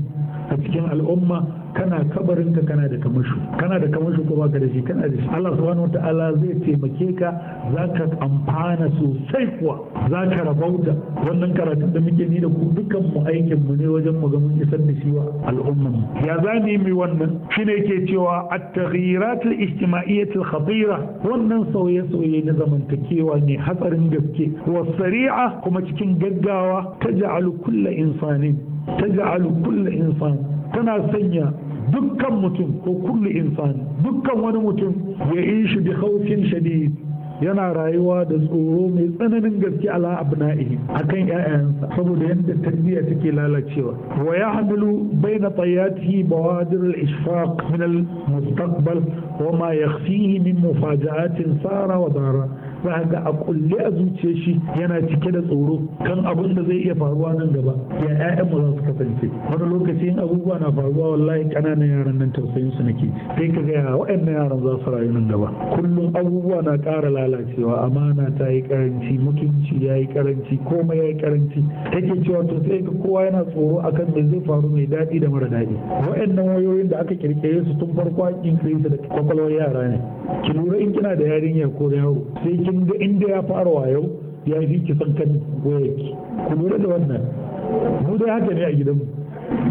a cikin al'umma kana kabarin ka kana da kamashu kana da kamashu ko baka da shi kana da shi Allah subhanahu wataala zai taimake ka zaka amfana sosai kuwa zaka rabauta wannan karatun da muke ni da ku dukan mu aikin mu ne wajen mu ga mun isar da shi wa mu. ya zani mi wannan shine yake cewa at-taghyirat al-ijtima'iyyah al-khatira wannan sauye-sauye na zamantakewa ne hatsarin gaske wa sari'a kuma cikin gaggawa taj'alu kulla insanin taj'alu kulla insan tana sanya dukkan mutum ko kullu insan dukkan wani mutum ya ishi bi khawfin shadid yana rayuwa da tsoro mai tsananin gaske ala abna'ihi akan ƴaƴansa saboda yadda tarbiyya take lalacewa wa yahmilu baina tayatihi bawadir al-ishfaq min al-mustaqbal wa ma yakhfihi min mufaja'atin sara wa dara za ga a kulle a zuciyar shi yana cike da tsoro kan abin da zai iya faruwa nan gaba ya ƴaƴan mu za su kasance wani lokaci in abubuwa na faruwa wallahi ƙananan yaran nan tausayin su nake sai ka gaya waɗannan yaran za su rayu nan gaba kullum abubuwa na ƙara lalacewa amana ta yi karanci mutunci ya yi karanci komai ya yi karanci take cewa to sai ka kowa yana tsoro akan me zai faru mai daɗi da mara daɗi waɗannan wayoyin da aka kirkire su tun farko an kirkire su da kwakwalwar yara ne ki lura in kina da yarinya ko yaro sai kin ga inda ya fara wayo ya fi ki san kan wayaki ku lura da wannan mu dai haka ne a gidanmu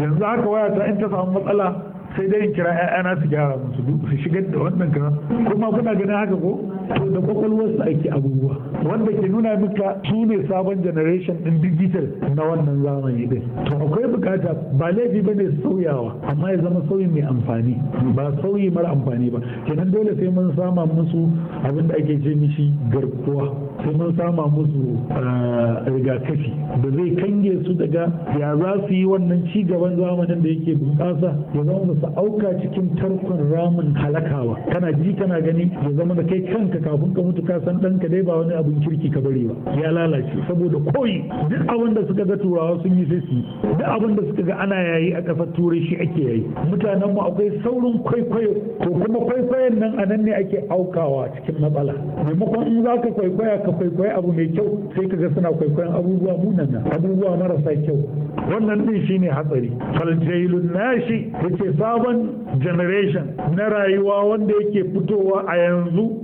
yanzu haka waya ta in ta samu matsala sai dai kira ƴaƴana su gyara musu su shigar da wannan kaza kuma kuna ganin haka ko to da kwakwalwar su ake abubuwa wanda ke nuna maka su ne sabon generation din digital na wannan zamani din to akwai bukata ba laifi bane sauyawa amma ya zama sauyi mai amfani ba sauyi mara amfani ba kenan dole sai mun sama musu abin da ake ce mishi garkuwa sai mun sama musu eh, rigakafi da zai kange su daga ya za su yi wannan ci gaban zamanin da yake bunƙasa ya zama su auka cikin tarkon ramin halakawa kana ji kana gani ya zama da kai kanka kafin ka mutu ka san ɗanka dai ba wani abun kirki ka bari ba ya lalace saboda koyi duk abin da suka ga turawa sun yi sai su duk abin da suka ga ana yayi a ƙasar turai shi ake yayi mutanen mu akwai saurin kwaikwayo ko kuma kwaikwayon nan a nan ne ake aukawa cikin matsala maimakon in za ka kwaikwaya ka kwaikwaya abu mai kyau sai ka ga suna kwaikwayon abubuwa munana abubuwa marasa kyau wannan din shine hatsari faljailun nashi yace sa sabon generation na rayuwa wanda yake fitowa a yanzu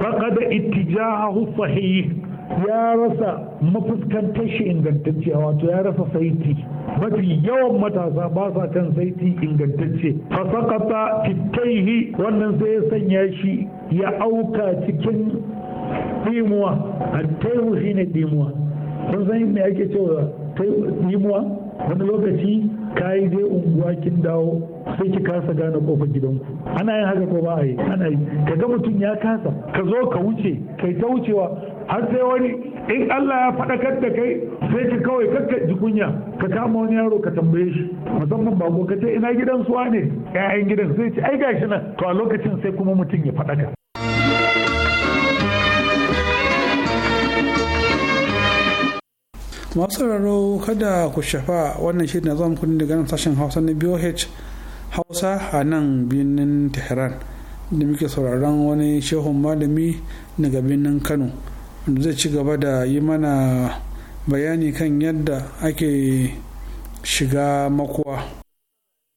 faƙad ittijahu sahih ya rasa mafuskantar shi ingantacciya wato ya rasa saiti mafi yawan matasa ba sa kan saiti ingantacce fasakata fitaihi wannan sai ya sanya shi ya auka cikin dimuwa attaihu shine dimuwa kun san me ake cewa dimuwa wani lokaci ka yi je unguwa kin dawo sai ki kasa gane kofar gidanku ana yin haka ko ba a yi ana yi ka ga mutum ya kasa ka zo ka wuce kai ta wucewa har sai wani in Allah ya faɗakar da kai sai ki kawai kakka jikunya ka kama wani yaro ka tambaye shi musamman bako ka ce ina gidan suwa ne ƴaƴan gidan sai ci ai gashi nan to a lokacin sai kuma mutum ya faɗaka masu raro kada ku shafa wannan shirin na zan kudin daga nan sashen hausa na boh hausa a nan birnin tehran da muke sauraron wani shehun malami daga birnin kano wanda zai ci gaba da yi mana bayani kan yadda ake shiga makuwa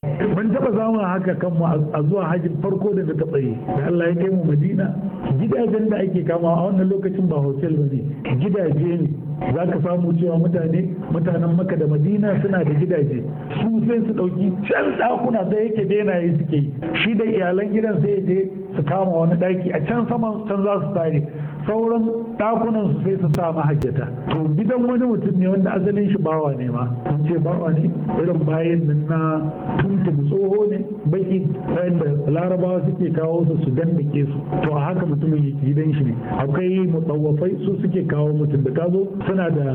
ban taba zama haka kanmu a zuwa hajji farko daga taɓayi da allah ya kai mu madina gidajen da ake kama a wannan lokacin ba hotel ba ne gidaje ne za ka samu cewa mutane mutanen maka da madina suna da gidaje su sai su ɗauki can ɗakuna sai yake benaye suke yi shi da iyalan gidan sai ya je su kama wani ɗaki a can saman can za su tare sauran ɗakunan su sai su sa mahajjata to gidan wani mutum ne wanda asalin shi bawa ne ma sun ce bawa ne irin bayan nan na tuntun tsoho ne baki bayan da larabawa suke kawo su su dandake su to a haka mutumin gidan shi ne akwai mutsawafai su suke kawo mutum da kazo. zo suna da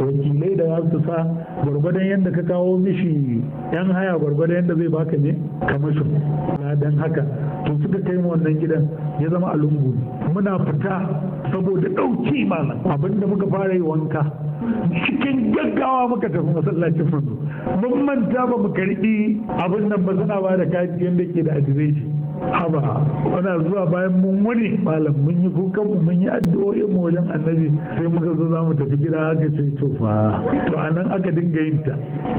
wakilai da su sa gwargwadon yadda ka kawo mishi yan haya gwargwadon yadda zai baka ne Kamar na dan haka to suka kai mu wannan gidan ya zama a lungu muna fita saboda ɗauki malam abinda muka fara yi wanka cikin gaggawa muka tafi masallacin mun mun manta ba mu karɓi abin nan ba suna ba da kaji yadda ke da adireshi haba wana zuwa bayan mun wani malam mun yi kukan mu mun yi addu'o'i mu wajen annabi sai muka zo za mu tafi gida aka ce to fa to anan aka dinga yin ta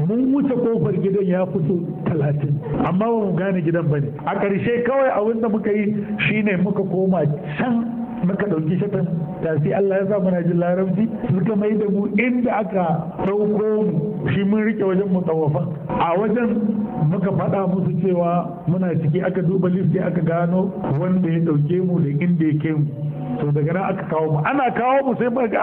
mun wuce kofar gidan ya fito talatin amma ba mu gane gidan bane a ƙarshe kawai abin da muka yi shine muka koma can muka ɗauki shatan tasi Allah ya sa muna jin larabci suka mai da mu inda aka ɗauko mu shi mun rike wajen tsawafa a wajen muka faɗa musu cewa muna ciki aka duba lifti aka gano wanda ya ɗauke mu da inda ya ke mu to daga nan aka kawo mu ana kawo mu sai baga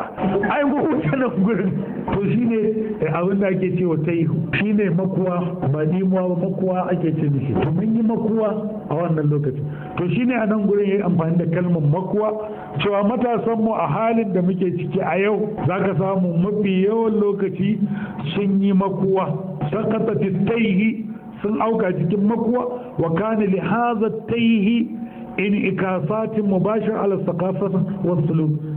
ai mu huce nan gurin to shine eh, abin da ake cewa taihu shine makuwa ba dimuwa ba makuwa ake ce mishi to mun yi makuwa a wannan lokacin to shine a nan gurin yi amfani da kalmar makuwa cewa matasan mu a halin da muke ciki a yau za ka samu mafi yawan lokaci sun yi makuwa kasa taihi sun auka cikin makuwa wa kana ta yi taihi in ikasatin mubashir ala thaqafati wasu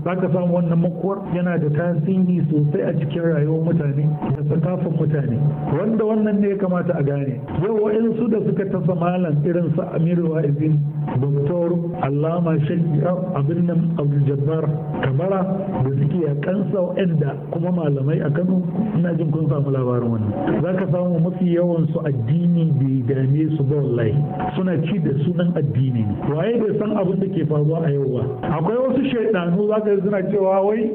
za ka samu wannan makuwar yana da tasiri sosai a cikin rayuwar mutane da sakafin mutane wanda wannan ne ya kamata a gane yau waɗansu da suka tasa malam irin su amiru wa'izin doktor allama shakki abin nan abdul kamara da suke yakan sau'in da kuma malamai a kano ina jin kun samu labarin wannan za ka samu mafi yawan su addini bai dame su ba wallahi suna ci da sunan addini ne waye bai san abin da ke faruwa a yau ba akwai wasu shaidanu za ka sai suna cewa wai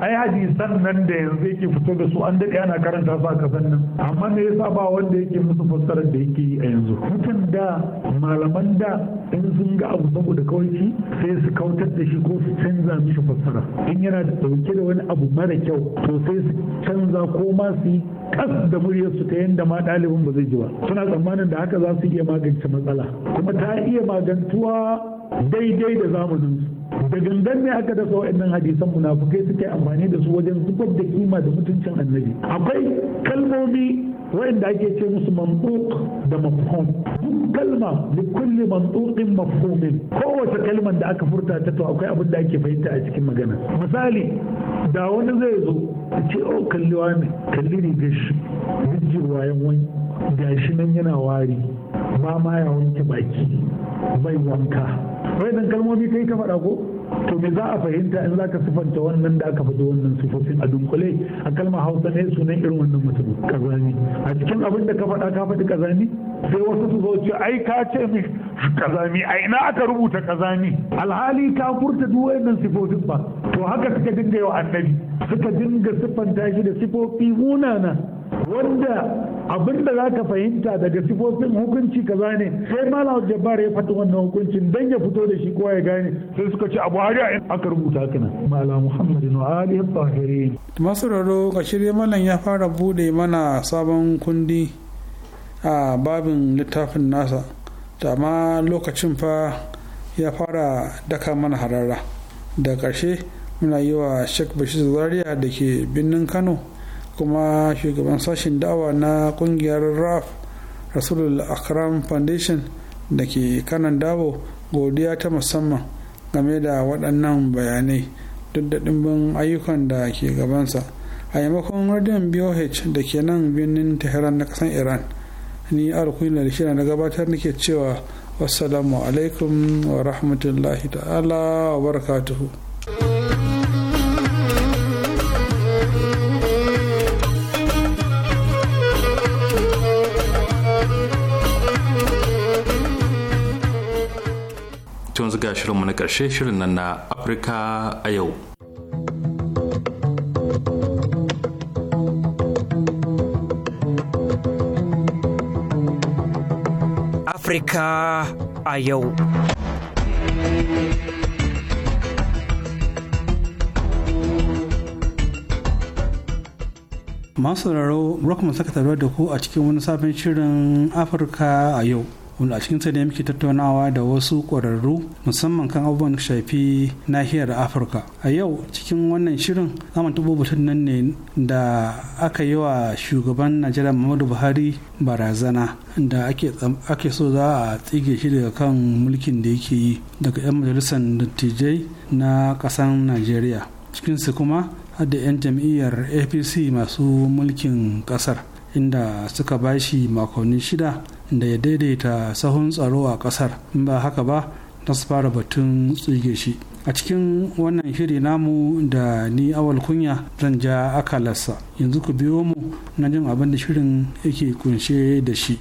ai hadisan nan da yanzu yake fito da su an daɗe ana karanta su a kasan nan amma me yasa ba wanda yake musu fassara da yake yi a yanzu mutum da malaman da in sun ga abu saboda kawai sai su kautar da shi ko su canza mishi fassara in yana da dauke da wani abu mara kyau to sai su canza ko ma su yi kas da muryarsu ta yadda ma ɗalibin ba zai ji ba suna tsammanin da haka za su iya magance matsala kuma ta iya magantuwa daidai da zamanin su. da gangan ne aka dasa waɗannan hadisan munafukai suke amfani da su wajen zubar da kima da mutuncin annabi akwai kalmomi wa'inda ake ce musu mantuq da mafhum kalma da kulli mantuqin mafhumin kowace kalmar da aka furta ta to akwai abin da ake fahimta a cikin magana misali da wani zai zo a ce o oh, kalli wani kalli ne gashi ji wayan wani gashi nan yana wari ba ma ya wanke baki bai wanka wayannan kalmomi kai ka faɗa ko to me za a fahimta in za ka sifanta wannan da aka faɗi wannan sifofin a dunkule a kalmar hausa ne sunan irin wannan mutum kazani a cikin abin da ka faɗa ka faɗi kazani sai wasu su zo ce ai ka ce mi kazani a ina aka rubuta kazami alhali ka furta duk wannan sifofin ba to haka suka dinga yau annabi suka dinga sifanta shi da sifofi munana wanda abin da za ka fahimta daga sifofin hukunci ka zane sai malam jabbar ya fata wannan hukuncin dan ya fito da shi kowa ya gane sai suka ci abu hariya a aka rubuta kana malam muhammadin wa ali masu raro ga shirye malam ya fara bude mana sabon kundi a babin littafin nasa da ma lokacin fa ya fara daka mana harara da karshe muna yi wa shek bashir zaria da ke birnin kano kuma shugaban sashen da'awa na kungiyar raf rasulul akram foundation da ke kanan dabo godiya ta musamman game da waɗannan bayanai duk da ɗimbin ayyukan da ke gabansa a yamakon radiyon boh da ke nan birnin tehran na ƙasar iran ni alkuina da shirin na gabatar nake cewa wassalamu alaikum wa rahmatullahi ta'ala wa barakatuhu shirinmu na ƙarshe shirin nan na Afirka a yau. Afirka a yau. Masu sauraro, Rockman saka da ku a cikin wani sabon shirin Afirka a yau. wanda a cikin sa ne muke tattaunawa da wasu ƙwararru musamman kan abubuwan shafi nahiyar afirka a yau cikin wannan shirin zamu tabo batun nan ne da aka yi wa shugaban najeriya muhammadu buhari barazana da ake so za a tsige shi daga kan mulkin da yake yi daga 'yan majalisar dattijai na ƙasar najeriya cikinsu kuma hada 'yan jam'iyyar apc masu mulkin ƙasar inda suka bashi makonni shida da ya daidaita sahun tsaro a kasar in ba haka ba na su fara batun tsige shi a cikin wannan shiri namu da ni awal kunya zan ja akalarsa yanzu ku biyo mu na jin abin da shirin yake kunshe da shi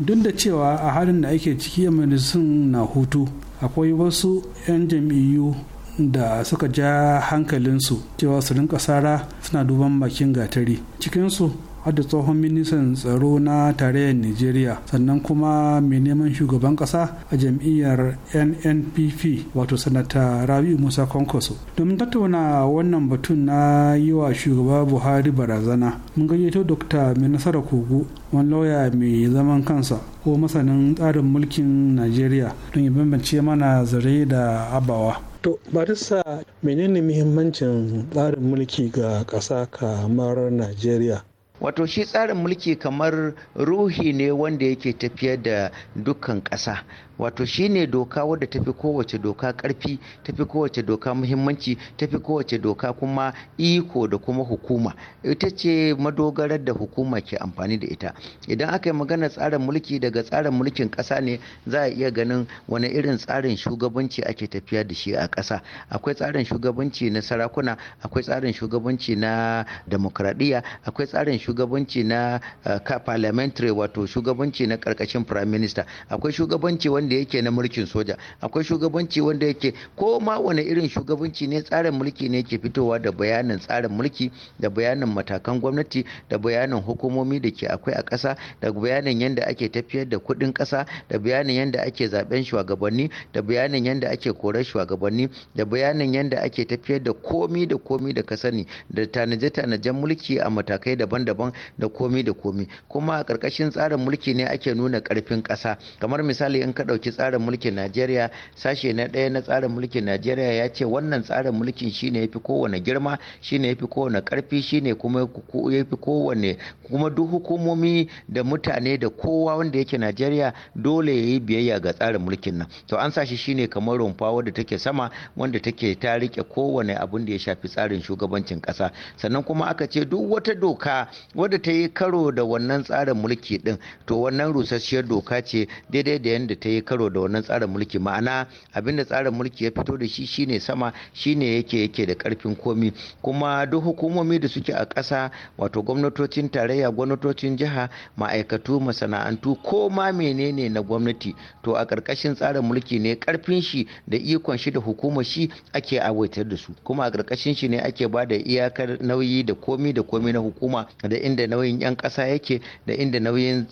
duk da cewa a halin da ake ciki a na hutu akwai wasu 'yan jam'iyyu da suka ja hankalinsu cewa su rinka sara suna duban bakin gatari cikinsu da tsohon ministan tsaro na tarayyar nigeria sannan kuma mai neman shugaban kasa a jam'iyyar nnpp wato sanata Rabi musa konkoso domin tattauna wannan batun na yi wa shugaba buhari barazana mun gayyato dr mai nasara kogo wani lauya mai zaman kansa ko masanin tsarin mulkin najeriya don ya bambance mana zare da abawa To, barista menene muhimmancin tsarin mulki ga ƙasa kamar Najeriya? Wato shi tsarin mulki kamar ruhi ne wanda yake tafiyar da dukkan ƙasa. wato shine doka wadda ta fi kowace doka karfi fi kowace doka muhimmanci ta fi kowace doka kuma iko da kuma hukuma ita ce madogarar da hukuma ke amfani da ita idan aka yi magana tsarin mulki daga tsarin mulkin ƙasa ne za a iya ganin wani irin tsarin shugabanci ake tafiya da shi a ƙasa akwai tsarin shugabanci na sarakuna akwai tsarin shugabanci na demokradiyya akwai tsarin shugabanci na eh, parliamentary wato shugabanci na ƙarƙashin prime minister akwai shugabanci wanda wanda yake na mulkin soja akwai shugabanci wanda yake ko ma wani irin shugabanci ne tsarin mulki ne ke fitowa da bayanin tsarin mulki da bayanin matakan gwamnati da bayanin hukumomi da ke akwai a ƙasa da bayanin yadda ake tafiyar da kuɗin ƙasa da bayanin yadda ake zaben shugabanni da bayanin yadda ake korar shugabanni da bayanin yadda ake tafiyar da komi da komi da ka sani da tanaje-tanajen mulki a matakai daban-daban da komi da komi kuma a ƙarƙashin tsarin mulki ne ake nuna ƙarfin ƙasa kamar misali in ka ɗauki tsarin mulkin najeriya sashe na ɗaya na tsarin mulkin najeriya ya ce wannan tsarin mulkin shine ya fi kowane girma shine ya fi kowane ƙarfi shine kuma ya fi kowane kuma duk hukumomi da mutane da kowa wanda yake najeriya dole ya yi biyayya ga tsarin mulkin nan to an sa shine kamar rumfa wadda take sama wanda take ta rike kowane abun da ya shafi tsarin shugabancin ƙasa sannan kuma aka ce duk wata doka wadda ta yi karo da wannan tsarin mulki din to wannan rusasshiyar doka ce daidai da yadda ta yi karo da wannan tsarin mulki ma'ana abin da tsarin mulki ya fito da shi shine sama shine yake yake da karfin komi kuma duk hukumomi da suke a ƙasa wato gwamnatocin tarayya gwamnatocin jiha ma'aikatu masana'antu ko ma menene na gwamnati to a ƙarƙashin tsarin mulki ne karfin shi da ikon shi da hukumar shi ake awaitar da su kuma a ƙarƙashin shi ne ake ba da iyakar nauyi da komi da komi na hukuma da inda nauyin 'yan ƙasa yake da inda nauyin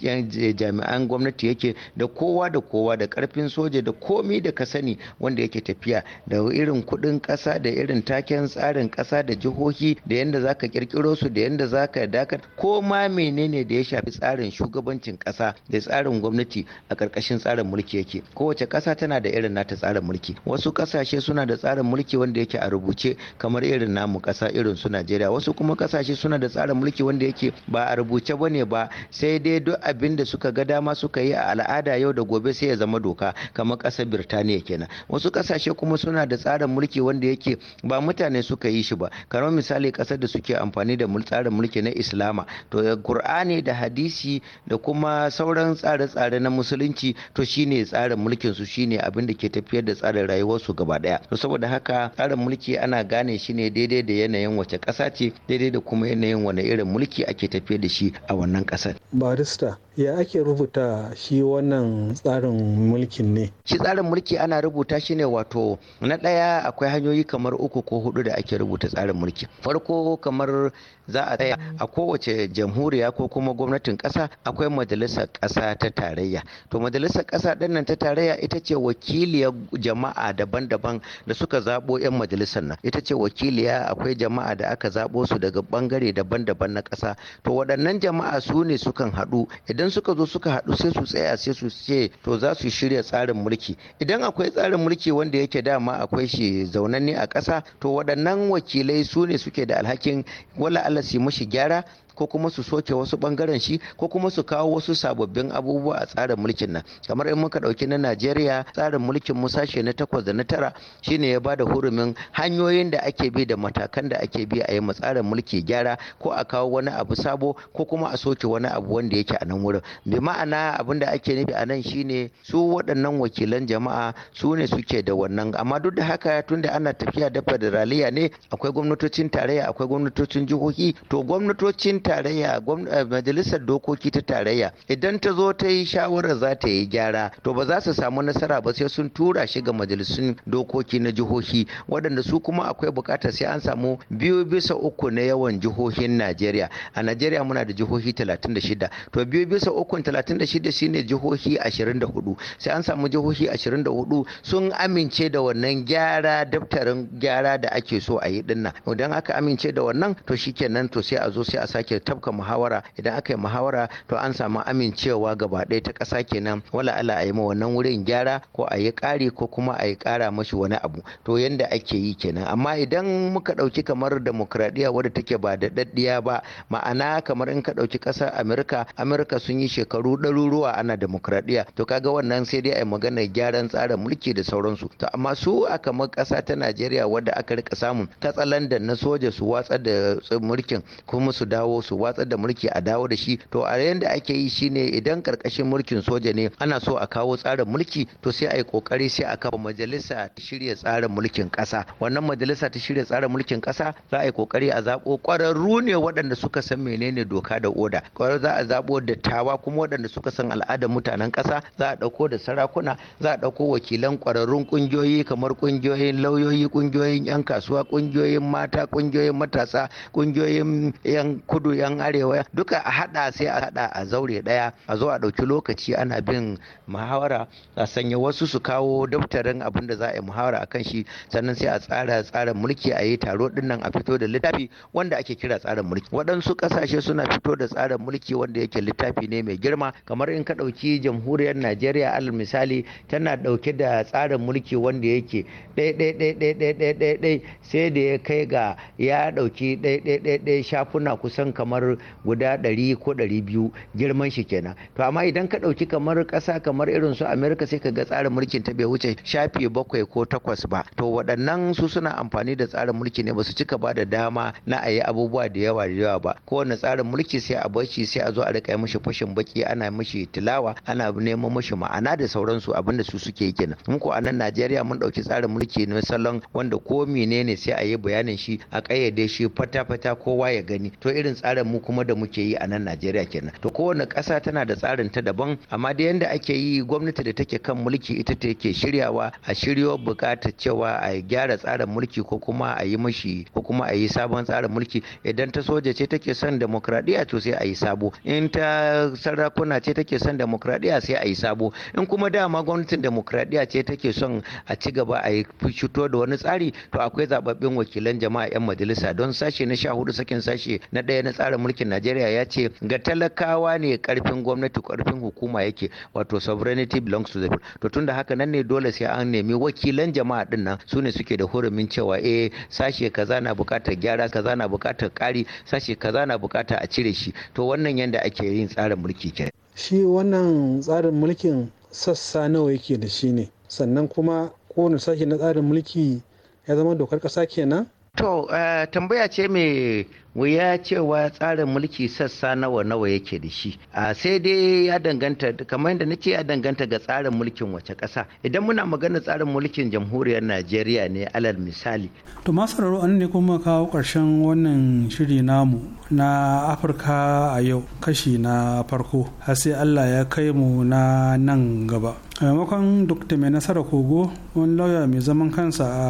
jami'an gwamnati yake da kowa da kowa da karfin soja da komi da ka sani wanda yake tafiya da irin kudin kasa da irin taken tsarin kasa da jihohi da yadda za ka ƙirƙiro su da yadda za ka dakar ko ma menene da ya shafi tsarin shugabancin kasa da tsarin gwamnati a ƙarƙashin tsarin mulki yake kowace kasa tana da irin nata tsarin mulki wasu kasashe suna da tsarin mulki wanda yake a rubuce kamar irin namu kasa irin su Najeriya wasu kuma kasashe suna da tsarin mulki wanda yake ba a rubuce bane ba sai dai duk abin da suka ga dama suka yi a al'ada yau da gobe sai ya zama zama doka kamar ƙasar birtaniya kenan wasu ƙasashe kuma suna da tsarin mulki wanda yake ba mutane suka yi shi ba kamar misali ƙasar da suke amfani da tsarin mulki na islama to qur'ani eh, da hadisi da kuma sauran tsare-tsare na musulunci to shine tsarin mulkin su shine abin da ke tafiyar da tsarin rayuwar su gaba daya to saboda haka tsarin mulki ana gane shi ne daidai da yanayin wace ƙasa ce daidai da kuma yanayin wani irin mulki ake tafiyar da shi a wannan ƙasar barista ya ake rubuta shi wannan tsarin mulkin ne shi tsarin mulki ana rubuta shi ne wato na ɗaya akwai hanyoyi kamar uku ko hudu da ake rubuta tsarin mulki farko kamar za a tsaya mm. a kowace jamhuriya ko kuma gwamnatin ƙasa akwai majalisar ƙasa ta tarayya to majalisar ƙasa ɗin nan ta tarayya ita ce wakiliya jama'a daban-daban da suka zabo 'yan majalisar nan ita ce wakiliya akwai jama'a da aka zabo su daga bangare daban-daban na ƙasa to waɗannan jama'a su ne sukan haɗu idan suka zo suka haɗu sai su tsaya sai su ce to za su shirya tsarin mulki idan akwai tsarin mulki wanda yake dama akwai shi zaunanne a ƙasa to waɗannan wakilai su ne suke da alhakin wala se su mushi gyara ko kuma su soke wasu bangaren shi ko kuma su kawo wasu sababbin abubuwa a tsarin mulkin nan kamar in muka dauki na Najeriya tsarin mulkin musa sashe na takwas da na tara shine ya bada hurumin hanyoyin da ake bi da matakan da ake bi a yi tsarin mulki gyara ko a kawo wani abu sabo ko kuma a soke wani abu wanda yake a nan wurin bi ma'ana abin da ake nufi a nan shine su waɗannan wakilan jama'a su ne suke da wannan amma duk da haka tunda ana tafiya da federaliya ne akwai gwamnatocin tarayya akwai gwamnatocin jihohi to gwamnatocin tarayya eh, majalisar dokoki ta tarayya idan ta zo ta yi shawarar za ta yi gyara to ba za su samu nasara ba sai sun tura shi ga majalisun dokoki na jihohi waɗanda su kuma akwai buƙatar sai an samu biyu bisa uku na yawan jihohin najeriya a najeriya muna da jihohi 36 to biyu bisa uku 36 shine jihohi 24 sai an samu jihohi 24 sun amince da wannan gyara daftarin gyara da ake so a yi dinna idan aka amince da wannan to shikenan to sai a zo sai a sake tafka muhawara idan aka yi muhawara to an samu amincewa gaba ɗaya ta ƙasa kenan wala ala a yi ma wannan wurin gyara ko a yi ƙari ko kuma a yi ƙara mashi wani abu to yanda ake yi kenan amma idan muka ɗauki kamar demokradiyya wadda take ba da daddiya ba ma'ana kamar in ka ɗauki ƙasar amurka amurka sun yi shekaru ɗaruruwa ana demokradiyya to kaga wannan sai dai a yi maganar gyaran tsarin mulki da sauransu to amma su a kamar ƙasa ta najeriya wadda aka rika samun katsalandan na soja su watsa da mulkin kuma su dawo su watsar da mulki a dawo da shi to a yayin ake yi shine idan karkashin mulkin soja ne ana so a kawo tsarin mulki to sai a yi kokari sai a kafa majalisa ta shirya tsarin mulkin kasa wannan majalisa ta shirya tsarin mulkin kasa za a yi kokari a zabo kwararru ne waɗanda suka san menene doka da oda kwararru za a zabo dattawa kuma waɗanda suka san al'adar mutanen kasa za a ɗauko da sarakuna za a ɗauko wakilan kwararrun kungiyoyi kamar kungiyoyin lauyoyi kungiyoyin yan kasuwa kungiyoyin mata kungiyoyin matasa kungiyoyin yan kudu kudu yan arewa duka a hada sai a hada a zaure daya a zo a dauki lokaci ana bin muhawara a sanya wasu su kawo daftarin abin da za a yi muhawara akan shi sannan sai a tsara tsarin mulki a yi taro dinnan a fito da littafi wanda ake kira tsarin mulki waɗansu ƙasashe suna fito da tsarin mulki wanda yake littafi ne mai girma kamar in ka ɗauki jamhuriyar najeriya alal misali tana ɗauke da tsarin mulki wanda yake ɗai sai da ya kai ga ya ɗauki ɗai shafuna kusan kamar guda ɗari ko ɗari biyu girman shi kenan to amma idan ka ɗauki kamar ƙasa kamar irin su amerika sai ka ga tsarin mulkin ta bai wuce shafi bakwai ko takwas ba to waɗannan su suna amfani da tsarin mulki ne ba su cika ba da dama na a yi abubuwa da yawa da yawa ba kowane tsarin mulki sai a barci sai a zo a riƙa mishi fashin baki ana mishi tilawa ana neman mishi ma'ana da sauransu abinda su suke kenan mun ko a nan najeriya mun ɗauki tsarin mulki na salon wanda ko menene sai a yi bayanin shi a ƙayyade shi fata-fata kowa ya gani to irin tsarin tsarin mu kuma da muke yi a nan Najeriya kenan to kowane ƙasa tana da tsarin ta daban amma da yanda ake yi gwamnati da take kan mulki ita take shiryawa a shiryo buƙatar cewa a gyara tsarin mulki ko kuma a yi mashi ko kuma a yi sabon tsarin mulki idan ta soja ce take son demokradiyya to sai a yi sabo in ta sarakuna ce take son demokradiyya sai a yi sabo in kuma dama gwamnatin demokradiyya ce take son a ci gaba a yi fito da wani tsari to akwai zababbin wakilan jama'a 'yan majalisa don sashe na sha hudu sakin sashe na ɗaya na tsarin mulkin Najeriya ya ce ga talakawa ne karfin gwamnati karfin hukuma yake wato sovereignty belongs to the people to tunda haka nan ne dole sai an nemi wakilan jama'a din nan su ne suke da hurumin cewa eh sashe kaza na bukatar gyara kaza na bukatar kari sashe kaza na bukatar a cire shi to wannan yanda ake yin tsarin mulki ke shi wannan tsarin mulkin sassa nawa yake da shi ne sannan kuma kowane sashe na tsarin mulki ya zama dokar kasa kenan To eh, tambaya ce mai wuya cewa tsarin mulki sassa nawa nawa yake da shi a sai dai ya danganta kamar yadda nace ya danganta ga tsarin mulkin wace ƙasa idan muna magana tsarin mulkin jamhuriyar najeriya ne alal misali to masararo an ne kuma kawo ƙarshen wannan shiri namu na afirka a yau kashi na farko har sai allah ya kai mu na nan gaba a maimakon da mai nasara kogo wani lauya mai zaman kansa a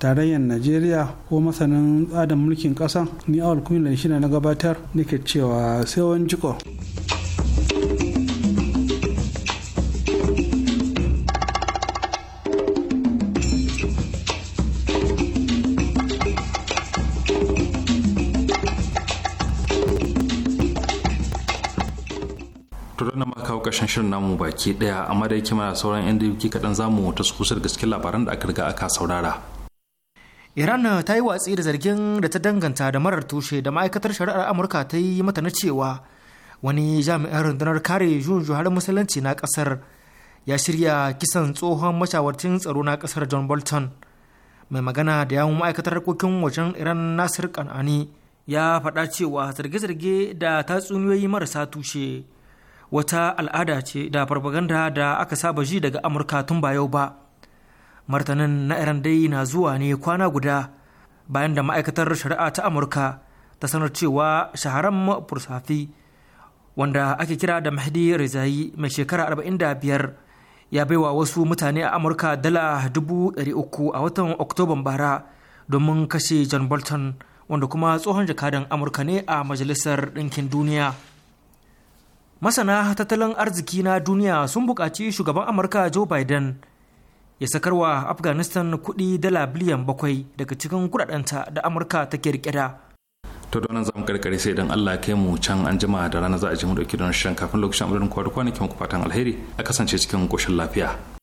tarayyar najeriya ko masanin tsarin mulkin ƙasa ni awal kullum shi na gabatar nake cewa sai wani jiko. ƙarshen shirin namu baki daya amma da mara sauran yan da kaɗan zamu ta su kusur gaske labaran da aka riga aka saurara iran eh, ta yi watsi da zargin da ta danganta da marar tushe da ma'aikatar shari'ar amurka ta yi mata na cewa wani jami'an rundunar kare juyin juharin musulunci na kasar ya shirya kisan tsohon mashawarcin tsaro na kasar john bolton mai magana da yawun ma'aikatar harkokin wajen iran nasir kan'ani ya faɗa cewa zarge-zarge da tatsuniyoyi marasa tushe wata al'ada ce da farfaganda da aka saba ji daga amurka tun ba yau ba martanin na iran dai na zuwa ne kwana guda bayan da ma'aikatar shari'a ta amurka ta sanar cewa shaharan fursafi wanda ake kira da mahdi rizayi mai shekara 45 ya baiwa wasu mutane a amurka dala 300 a watan oktoban bara domin kashe john bolton wanda kuma tsohon jakadan amurka ne a majalisar ɗinkin duniya masana tattalin arziki na duniya sun buƙaci shugaban amurka joe biden ya sakarwa afghanistan kuɗi dala biliyan bakwai daga cikin kudadanta da amurka ta kirkira da to donan zamu karkare sai dan Allah kai mu can an jima da rana za a ji mu dauki don shan kafin lokacin amurin kwana kwanakin ku fatan alheri a kasance cikin koshin lafiya